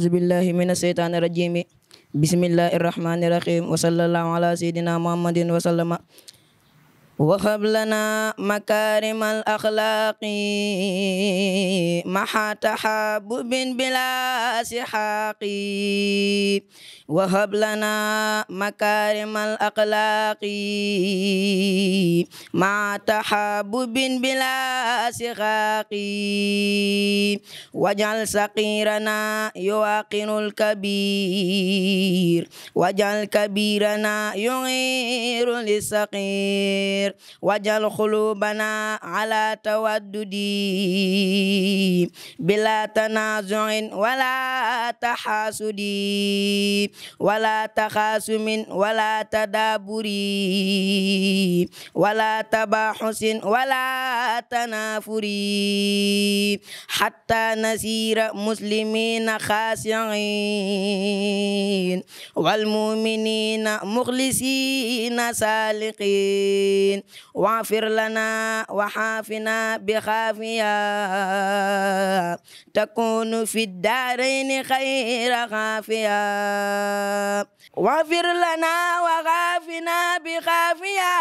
أعوذ بالله من الشيطان الرجيم بسم الله الرحمن الرحيم وصلى الله على سيدنا محمد وسلم وهب لنا مكارم الأخلاق مع تحبب بلا سحاق wahab lana makarimal akhlaqi ma tahabubin bila sikhaqi wajal saqirana yuwaqinul kabir wajal kabirana yughiru lisaqir wajal khulubana ala tawaddudi bila tanazu'in wala tahasudi ولا تخاصم ولا تدابر ولا تباحث ولا تنافر حتى نسير مسلمين خاشعين والمؤمنين مخلصين سالقين واغفر لنا وحافنا بخافيا تكون في الدارين خير خافيا واغفر لنا وغافنا بخافيا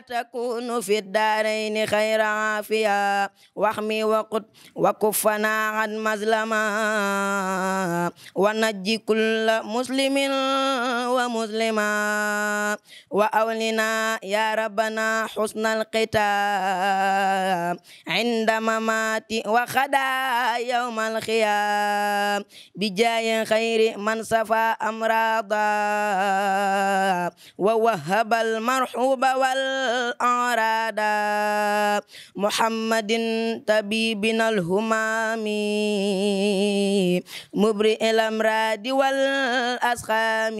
تكون في الدارين خير عافيا واحمي وقد وكفنا عن مظلما ونجي كل مسلم ومسلما وأولنا يا ربنا حسن القتال عند مماتي وخدا يوم الخيام بجاه خير من صفا أم الأمراض ووهب المرحوب والأعراض محمد طبيبنا الهمام مبرئ الأمراض والأسقام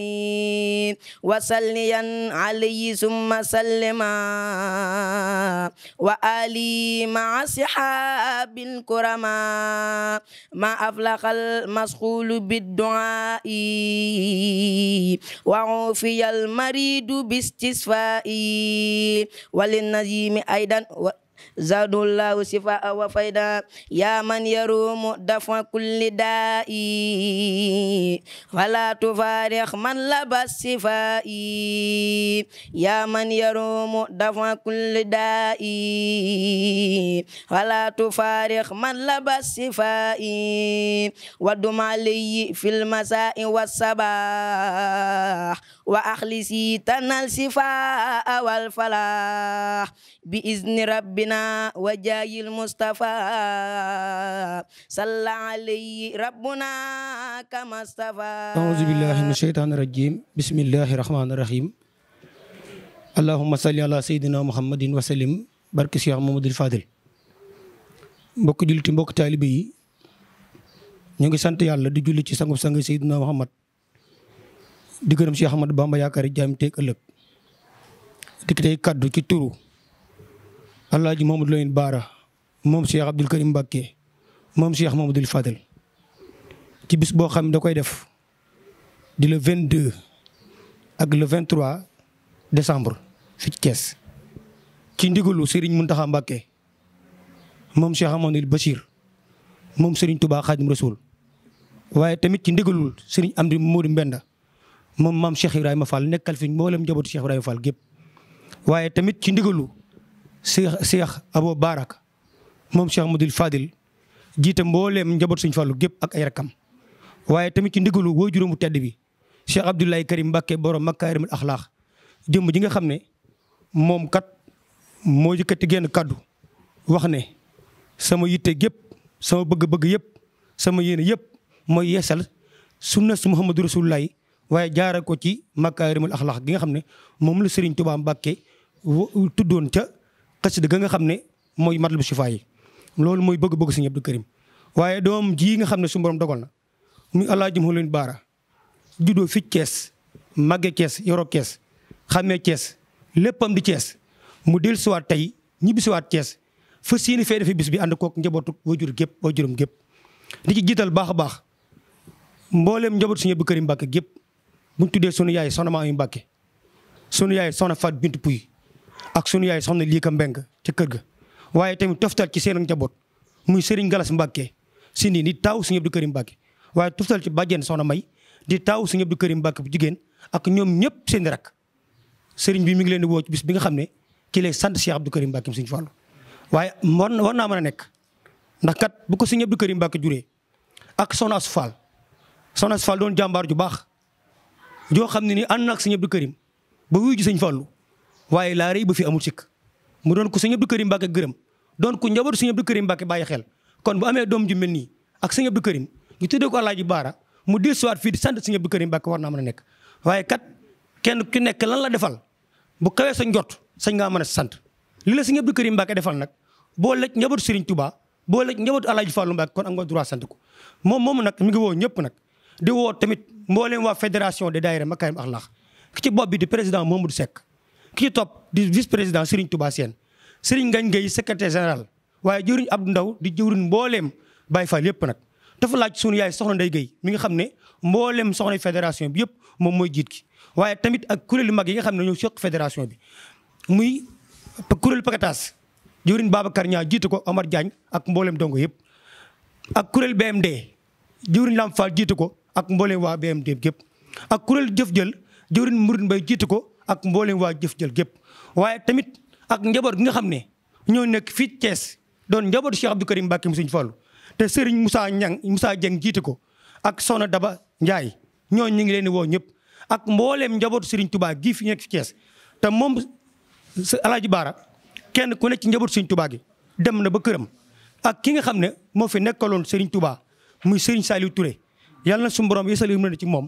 وصليا عليه ثم سلما وآلي مع صحاب الكرما ما أفلح المسخول بالدعاء وعوفي المريض باستشفائي وللنزيم أيضا zadullahu shifaa wa fayda ya man yarumu dafa kulli da'i wala tufarih man labas shifai ya man yarumu dafa kulli da'i wala tufarih man labas shifai wa dum alayhi fil masa'i was wa axlisi tanal sifaa wal falah bi izni rabbina wa jaayil mustafa salla alayhi rabbuna kama stafa a'uuzu billahi min shaytaani rajim bismillahi rahmaani rahim allahumma salli ala sayyidina muhammadin wa sallim barke Cheikh Mamadou Fadil mbokk jullit mbokk taalibe yi ñu ngi sant yàlla di julli ci sangu sang sayyidina muhammad di gërëm Cheikh Ahmadou Bamba yaakaar jaam teeg ëllëg di ki kaddu ci turu Alaaji Mamadou Lamine Baara moom Cheikh Abdoul Karim Mbacké moom Cheikh Mamadou Fadel ci bis boo xam ne da koy def di le 22 ak le 23 décembre fi ci Thiès ci ndigalu Serigne Mountakha Mbacké moom Cheikh Amadou Bachir moom Serigne Touba Khadim Rasoul waaye tamit ci ndigalul Serigne Amdi Modou Mbenda moom maam Cheikh Ibrahima Fall nekkal fi mboolem njabootu Cheikh Ibrahima Fall gépp waaye tamit ci ndigalu Cheikh Cheikh Abo Barak moom Cheikh Modou Fadil jiite mbooleem njabootu suñ Fallu gépp ak ay rakkam waaye tamit ci ndigalu waajuram bu tedd bi Cheikh Abdoulaye Karim Mbacke borom makaarimul axlaax jëmm ji nga xam ne moom kat moo yëkkati genn kaddu wax ne sama yitte gépp sama bëgg-bëgg yëpp sama yéene yëpp mooy yeesal sunna su Muhammadu Rasulullahi waaye jaara ko ci makaarimul axlaax gi nga xam ne moom la Serigne Touba Mbacke tuddoon ca xasida ga nga xam ne mooy matlabu sifaa yi loolu mooy bëgg-bëgg Serigne Abdou Karim waaye doom ji nga xam ne su borom dogal na muy alaaji mu leen baara juddoo fi Cees màgge Cees yoro Cees xàmmee Cees léppam di Cees mu dellusiwaat tey ñibbisiwaat Cees fa siini fee defee bis bi ànd kook njabootu wajur gépp wajurum gépp di ci jiital baax a baax mbooleem njaboot Serigne Abdou Karim Mbacke gépp bu ñu tuddee sunu yaay soxna Maam Mbàkke sunu yaay soxna Fat bint Puy ak sunu yaay soxna Liika Mbeng ca kër ga. waaye tamit toftal ci seen njaboot muy Serigne Galas Mbàkke si nii di taaw Sëriñ Abdou Karim waaye toftal ci bàjjen soxna May di taaw Sëriñ Abdou Karim Mbàkke bu jigéen ak ñoom ñëpp seen rek Serigne bi mi ngi leen di woo ci bis bi nga xam ne kile sant Cheikh Abdou Karim Mbàkke Sëriñ Fallu waaye war war naa mën a nekk ndax bu ko Sëriñ Abdou Karim Mbàkke juree ak soxna Asfaal soxna Asfaal doon jàmbaar ju baax joo xam ne ni ànd naag sëñ Abdou kërim ba wuyu ji sëñ Fallou waaye laa rëy ba fi amul sikk mu doon ko sëñ Abdou Karim Mbacke gërëm doon ko njabootu sëñ Abdou Karim Mbacke bàyyi xel kon bu amee doom ju mel nii ak sëñ Abdou Karim ñu tuddee ko Alaaji Baara mu dellusiwaat fii di sant sëñ Abdou Karim Mbacke war naa mën a nekk waaye kat kenn ku nekk lan la defal bu kawee sa njot sañ ngaa mën a sant li la sëñ Abdou Karim Mbacke defal nag boo lëj njabootu Serigne Touba boo lëj njabootu Alaaji Fallou Mbacke kon am nga droit sant ko moom moom nag mi ngi woo ñëpp nag di woo tamit mbooleem waa fédération de daayira Makarim Akhlakh ki ci bopp bi di président Mamadou Seck ki ci topp di vice président Serigne Touba Sène Serigne Ngagne Gueye secrétaire général waaye jëwriñ Abdou Ndaw di jëwriñ mbooleem bay Fall yëpp nag dafa laaj suñu yaay soxna Ndeye Gueye mi nga xam ne mbooleem soxna fédération bi yëpp moom mooy jiit ki waaye tamit ak kuréelu mag yi nga xam ne ñoo soq fédération bi muy kuréelu Pakatas jëwriñ Babacar Niang jiitu ko Omar Diagne ak mbooleem dongo yëpp ak kuréel BMD jëwriñ Lam Fall jiitu ko ak mboolem waa BMD gépp ak kuréel jëf jël jëwrin murid bay jiitu ko ak mboolem waa jëf jël gépp waaye tamit ak njaboot gi nga xam ne ñoo nekk fii Thiès doon njabootu Cheikh Abdou Karim Mbacké mu Sëriñ Fallu te Serigne Moussa Niang Moussa Dieng jiite ko ak Soxna Daba Ndiaye ñoo ñu ngi leen di woo ñëpp ak mbooleem njabootu Serigne Touba gii fi nekk fi Thiès te moom Alaaji Baara kenn ku nekk ci njabootu Serigne tubaa gi dem na ba këram ak ki nga xam ne moo fi nekkaloon Serigne Touba muy Serigne Saliou ture yàlla na suñu borom yéesal yërmande ci moom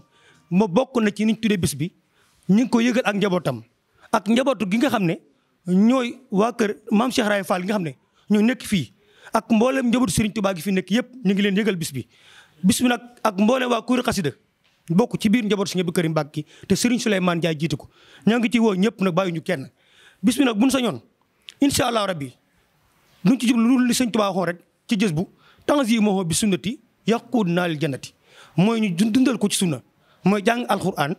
moo bokk na ci niñ tuddee bis bi ñu ngi ko yëgal ak njabootam ak njabootu gi nga xam ne ñooy waa kër maam Cheikh Raye Fall gi nga xam ne ñoo nekk fii ak mboolem njabootu Serigne Touba gi fi nekk yëpp ñu ngi leen yëgal bis bi bis bi nag ak mboolem waa kuréel xasida bokk ci biir njabootu Serigne Abdou Karim ki te Serigne Souleymane Ndiaye jiite ko ñoo ngi ci woo ñëpp na bàyyi ñu kenn bis bi nag buñ sañoon incha allah rabbi duñ ci jublu li Serigne Touba waxoon rek ci jës bu temps yi moo bi sunnati yaquud naa lil jannati mooy ñu dundal ko ci sunna mooy jàng alquran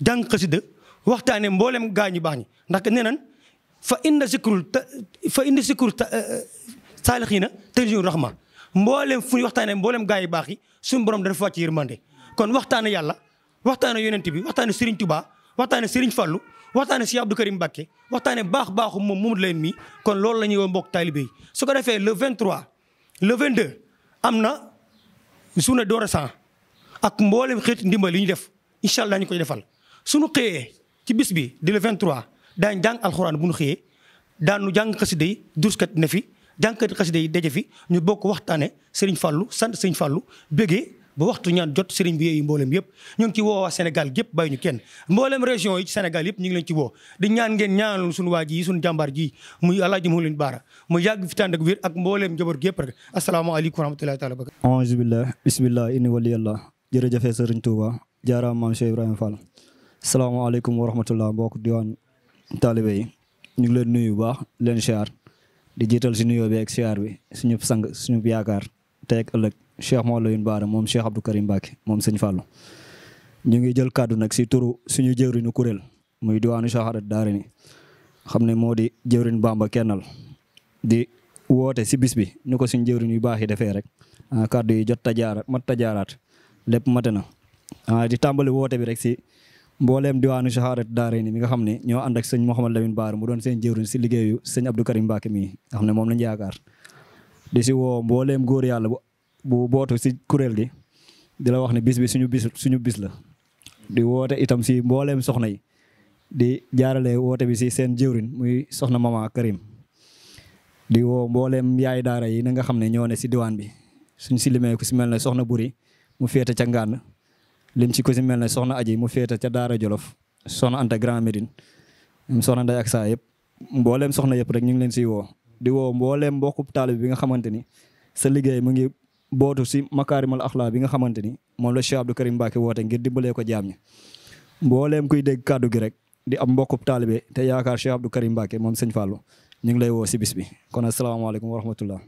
jàng xasida waxtaane mboolem gaa ñu baax ñi ndax nee nan fa inna zikrul fa inna zikru eh, eh, saalixiina tanzilu rahma mboolem fu ñu waxtaane mboolem gaa yi baax yi suñu borom dafa wàcc yërmande kon waxtaane yàlla waxtaane yonent bi waxtaane Serigne Touba waxtaane Serigne Fallou waxtaane si Abdou Karim Mbacké waxtaane baax baaxu moom Mamadou Lamine mi kon loolu la ñuy woo mbokk taalibe yi su ko defee le 23 le 22 am na journée d'orsan ak mbooleem xeeti ndimbal yi ñu def incha allah ñu koy defal suñu xëyee ci bis bi di le 23 daañu jàng alxuraan bu ñu xëyee daanu jàng xasida yi durskat na fi jàngkati xasida yi daje fi ñu bokk waxtaane Serigne Fallou sant Serigne Fallou bégee ba waxtu ñaan jot Serigne bi yeeyu mboolem yëpp ñu ngi ci woo waa Sénégal gépp bàyyi ñu kenn mboolem région yi ci Sénégal yëpp ñu ngi leen ci woo di ñaan ngeen ñaanal suñu waa ji suñu jàmbaar ji muy alaaji mu leen baara mu yàgg fi tànd ak wér ak mbooleem njaboot gépp rek asalaamaaleykum wa rahmatullahi taala wa barakatuh bismillah inni waliyallah jërëjëfee sëriñ Touba jaaraam maam Cheikh Ibrahima Fall salaamaaleykum wa rahmatullah mbokk diwaan taalibe yi ñu ngi leen nuyu bu baax leen siyaar di jiital si nuyoo bi ak siyaar bi suñu sang suñu yaakaar tey ak ëllëg Cheikh Mawlawine Baara moom Cheikh Abdou Karim Mbacke moom sëñ Fallou ñu ngi jël kàddu nag si turu suñu jëwriñu kuréel muy diwaanu Shahaadat Daarayni xam ne moo di jëwriñ Bamba kennal di woote si bis bi ñu ko suñu jëwriñ yu baax yi defee rek ah, kàddu yi jot tajaara mat tajaaraat lépp mate na ah, di tàmbali woote bi rek si mbooleem diwaanu Shahaadat Daarayni mi nga xam ne ñoo ànd ak sëñ Mouhamed Lamine Baar mu doon seen jëwriñ si liggéeyu sëñ Abdou Karim Mbacke mii nga xam moom lañ yaakaar di si woo mbooleem góor yàlla bu bu bootu si kuréel gi di wax ne bis bi suñu bis suñu bis la di woote itam si mbooleem soxna yi di jaarale woote bi si seen jëwriñ muy soxna mama Karim di woo mbooleem yaay daara yi na nga xam ne ñoo ne si diwaan bi suñ si limee ku si mel ne soxna buri mu féete ca Ngane lim ci ku si mel ne soxna aji mu féete ca Daara Jolof soxna Anta Grand Médine soxna Ndeye ak saa yëpp mbooleem soxna yëpp rek ñu ngi leen si woo di woo mbooleem mbokku taalib bi nga xamante ni sa liggéey mu ngi bootu si makaarimal axlaa bi nga xamante ni moom la Cheikh Abdou Karim Mbacke woote ngir di dimbalee ko jaam ñi mbooleem kuy dégg kàddu gi rek di am mbokku taalibe te yaakaar Cheikh Abdou Karim Mbacke moom sëñ Fallou ñu ngi lay woo si bis bi kon asalaamaaleykum wa rahmatullah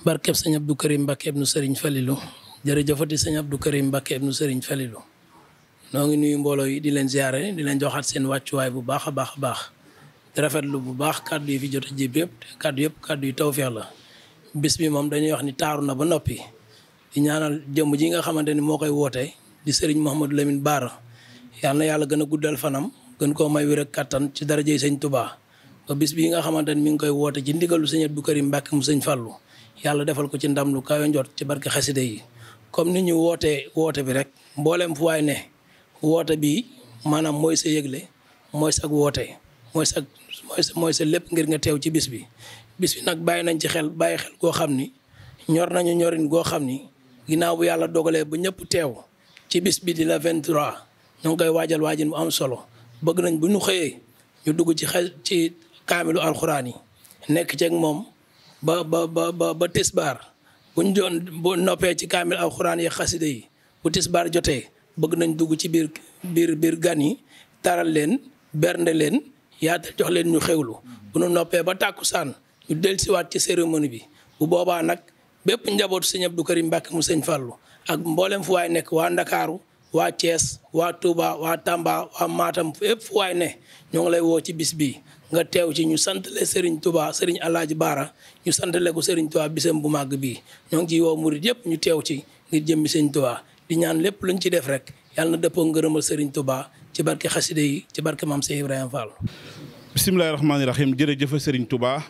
barkeb sëñ Abdou Karim Mbacke ibnu Serigne Falilou jërëjëfati sëñ kër Karim Mbacke ibnu Serigne Falilou noo ngi nuyu mbooloo yi di leen ziare di leen joxaat seen wàccuwaay bu baax a baax a baax di rafetlu bu baax kàddu yi fi jot a jib yëpp kàddu yëpp kàddu yi tawféex la bis bi moom dañuy wax ni taaru na ba noppi di ñaanal jëmm ji nga xamante ni moo koy wootee di Serigne Mouhamadou Lamine Bara yal na yàlla gën a guddal fanam gën koo may wér ak kattan ci darajey sëñ Touba ba bis bii nga xamante ni mi ngi koy woote ci ndigalu sëñ Abdou Karim Mbacke mu sëñ Fallou yàlla defal ko ci ndam lu kawe njot ci barke xaside yi comme ni ñu wootee woote bi rek mbooleem fu waay ne woote bi maanaam mooy sa yëgle mooy ak woote mooy mooy sa lépp ngir nga teew ci bis bi bis bi nag bàyyi nañ ci xel bàyyi xel goo xam ni ñor nañu ñorin goo xam ni ginnaaw bu yàlla dogalee ba ñëpp teew ci bis bi dina la 23 ñu ngi koy waajal waajin bu am solo bëgg nañ bu ñu xëyee ñu dugg ci xel ci kaamilu alxuraan yi nekk ceeg moom ba ba ba ba tisbaar bu ñu doon bu noppee ci kaamil alxuraan yi xasida yi bu tisbaar jotee bëgg nañ dugg ci biir biir biir gan yi taral leen bernde leen yaatal jox leen ñu xewlu bu ñu noppee ba tàkkusaan ñu dellusiwaat ci cérémonie bi bu boobaa nag bépp njabootu sëñ Abdou Karim Mbàkke mu sëñ Fallu ak mboolem fu waay nekk waa Ndakaaru waa Thiès waa tuuba waa Tamba waa Matam fépp fu waay ne ñoo ngi lay woo ci bis bi nga teew ci ñu sant le Serigne Touba Serigne Baara ñu sant le ko Serigne Touba bisam bu màgg bii ñoo ngi ciy woo murit yëpp ñu teew ci ngir jëmmi Serigne Touba di ñaan lépp luñ ci def rek yàlla na dëppoo ngërëmal Serigne Touba ci barke xaside yi ci barke maam Cheikh Ibrahima Fall. bisimilah rahmaani rahiim jërëjëf Serigne Touba.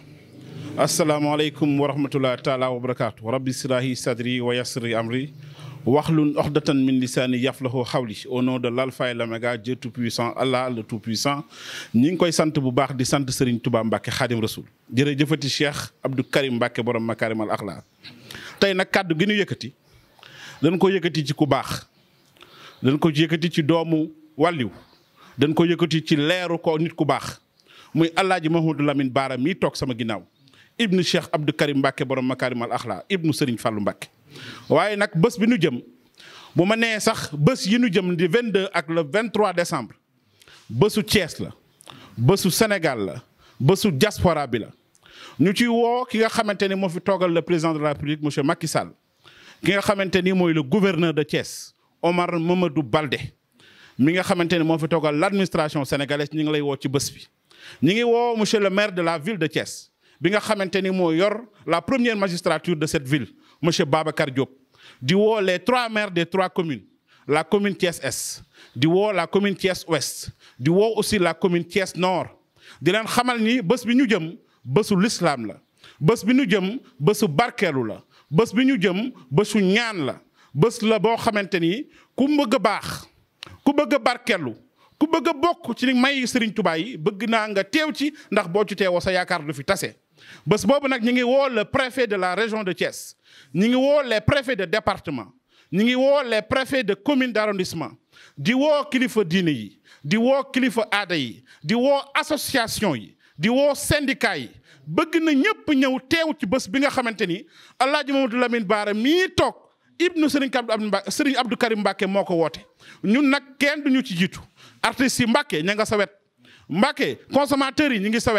asalaamaaleykum wa rahmatulah taalaa wa barakaatu rabbi siraahi sadri wa yasri amri. Wahlul uqdatan min lisaani yafqahu qawli au nom de l'alpha et l'oméga Dieu tout puissant Allah le tout puissant ñi ngi koy sant bu baax di sant Serigne Touba Mbacke Khadim Rasoul jërëjëfati Cheikh Abdou Karim Mbacke borom Makarimal Akhlaq tey nag kàddu gi ñu yëkkati dañ ko yëkkati ci ku baax dañ ko yëkkati ci doomu wàlliw dañ ko yëkkati ci leeru ko nit ku baax muy moo Mahmoudou Lamine Baara mii toog sama ginnaaw ibnu Cheikh Abdou Karim Mbacke borom Makarimal Akhlaq ibnu Serigne Fallou Mbacke. waaye nag bés bi nu jëm bu ma nee sax bés yi nu jëm di deux ak le 23 décembre bésu cees la bésu Sénégal la bésu diaspora bi la ñu ci woo ki nga xamante ni moo fi toogal le président de la monsieur Macky Sall ki nga xamante ni mooy le gouverneur de ces Thiès Omar du Balde mi nga xamante ni moo fi toogal l' administration ñu ngi lay woo ci bés bi ñu ngi woo monsieur le maire de la ville de ces bi nga xamante ni moo yor la première magistrature de cette ville monsieur Babacar Diop di woo les trois maires des trois communes la commune Thiès Est di woo la commune Thiès Ouest di woo aussi la commune Thiès Nord di leen xamal ni bés bi ñu jëm bésu lislaam la bés bi nu jëm bésu barkeelu la bés bi ñu jëm bésu ñaan la bés la boo xamante ni ku bëgg a baax ku bëgg a barkeelu ku bëgg a bokk ci may Serigne tubaay yi bëgg naa nga teew ci ndax boo ci teewoo sa yaakaar du fi tase bës boobu nag ñu ngi woo le préfet de la région de Thiès ñu ngi woo les préfets de département ñu ngi woo les préfets de commune d' arrondissement di woo kilifa diine yi di woo kilifa aada yi di woo association yi di woo syndicat yi bëgg na ñëpp ñëw teew ci bës bi nga xamante ni El Hadj du Lamine Bara mii toog ibnu Serigne Abdou Mbacke Serigne Abdou Karim Mbacke moo ko woote ñun nag kenn du ñu ci jiitu artistes yi Mbacke ña nga sa wet Mbacke consommateurs yi ñi ngi sa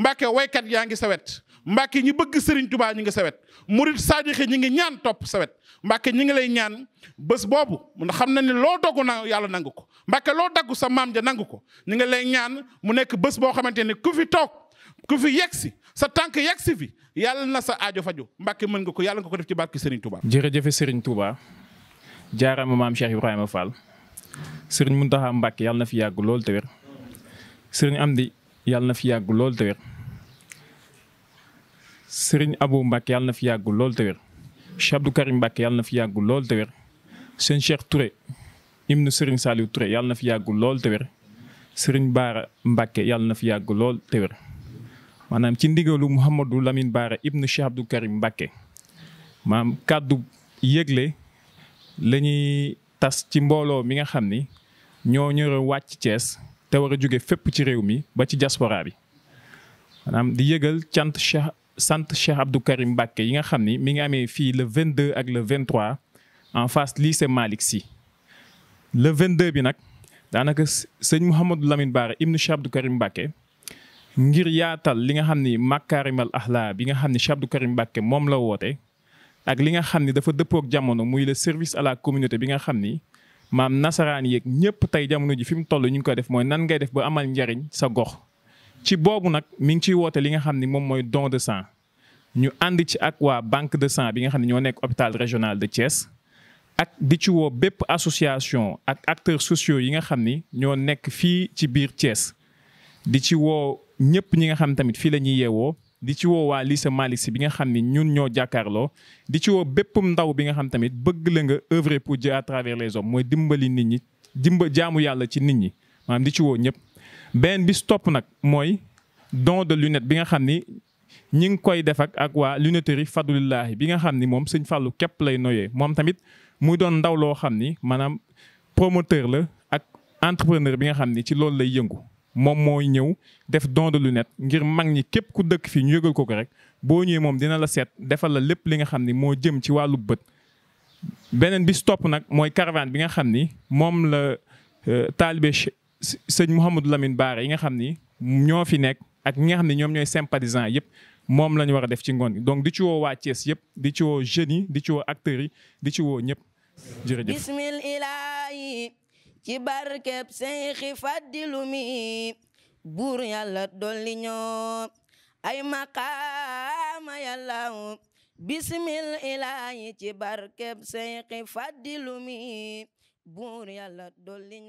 Mbàkke waykat yaa ngi sawet Mbàkke ñi bëgg Serigne Touba ñi ngi sawet murit saadixi ñi ngi ñaan topp sawet Mbàkke ñi ngi lay ñaan bës boobu mun xam na ne loo dogu na yàlla nangu ko mbake loo daggu sa maam ja nangu ko ñi ngi lay ñaan mu nekk bés boo xamante ne ku fi toog ku fi yegg si sa tànk yegg si fi yàlla na sa ajo faju mbake mën nga ko yàlla nga ko def ci barke Serigne Touba. jërëjëf Serigne Touba jaaraama maam Cheikh Ibrahima Fall Serigne Mountakha Mbàkke yàlla na fi yàgg loolu te yàlla na fi yàgg lool te sëriñ abu Mbacke yàlla na fi yàgg lool te wér Cheikh Abdou Karim yàlla na fi yàgg lool te wér sëñ Cheikh Touré ibnu sëriñ Saliou Touré yàlla na fi yàgg lool te sëriñ Baara Mbacke yàlla na fi yàgg lool te maanaam ci ndigalu Mouhamadou Lamine Baara ibnu Cheikh Abdou Karim Mbacke maam kàddu yëgle la ñuy tas ci mbooloo mi nga xam ni ñoo ñëw wàcc Cees te war a jóge fépp ci réew mi ba ci diaspora bi maanaam di yëgal cant Cheikh sant Cheikh Abdou Karim Mbacke yi nga xam ni mi ngi amee fii le 22 ak le 23 en face li Malick Sy le 22 bi nag daanaka sëñ Mouhamadou Lamine Bara ibnu Cheikh Abdou Karim Mbacke ngir yaatal li nga xam ni makaarimal axlaa bi nga xam ni Cheikh Abdou Karim Mbacke moom la woote ak li nga xam ni dafa dëppook jamono muy le service à la communauté bi nga xam ni maam nasaraan yeeg ñëpp tey jamono ji fi mu toll ñu ngi koy def mooy nan ngay def ba amal njariñ sa gox. ci boobu nag mi ngi ciy woote li nga xam ni moom mooy don de sang ñu ànd ci ak waa banque de sang bi nga xam ne ñoo nekk hôpital régional de Thiès. ak di ci woo bépp association ak acteur sociaux yi nga xam ni ñoo nekk fii ci biir Thiès di ci woo ñëpp ñi nga xam tamit fii la ñuy yeewoo. di ci woo waa sa Malick Sy bi nga xam ni ñun ñoo jàkkaarloo di ci woo bépp ndaw bi nga xam tamit bëgg la nga œuvrer pour Dieu à travers les hommes mooy dimbali nit ñi dimba jaamu yàlla ci nit ñi maanaam di ci woo ñëpp. benn bis topp nag mooy don de lunette bi nga xam ni ñi ngi koy defak ak waa lunetterie Fadlullahi bi nga xam ni moom sëñ Fallou képp lay noyee moom tamit muy doon ndaw loo xam ni maanaam promoteur la ak entrepreneur bi nga xam ni ci loolu lay yëngu. moom mooy ñëw def don de lunette ngir mag ñi képp ku dëkk fii ñu yëgal ko ko rek boo ñëwee moom dina la seet defal la lépp li nga xam ni moo jëm ci wàllu bët. beneen bi si topp nag mooy caravane bi nga xam ni moom la euh, taalibe sëñ Mouhamadou Lamine Baara yi nga xam ni ñoo fi nekk ak nga xam ne ñoom ñooy sympathisant yëpp. moom la ñu war a def ci ngoon gi donc di ci woo waa Thiès yëpp di ci woo jeunes yi di ci woo acteurs yi di ci woo ñëpp jërëjëf bismillah ci barkeb Seyxi Fadilu mi buur yàlla dolli ñoo ay maqaama yàlla bismil ilaahi ci barkeb Seyxi Fadilu mi buur yàlla dolli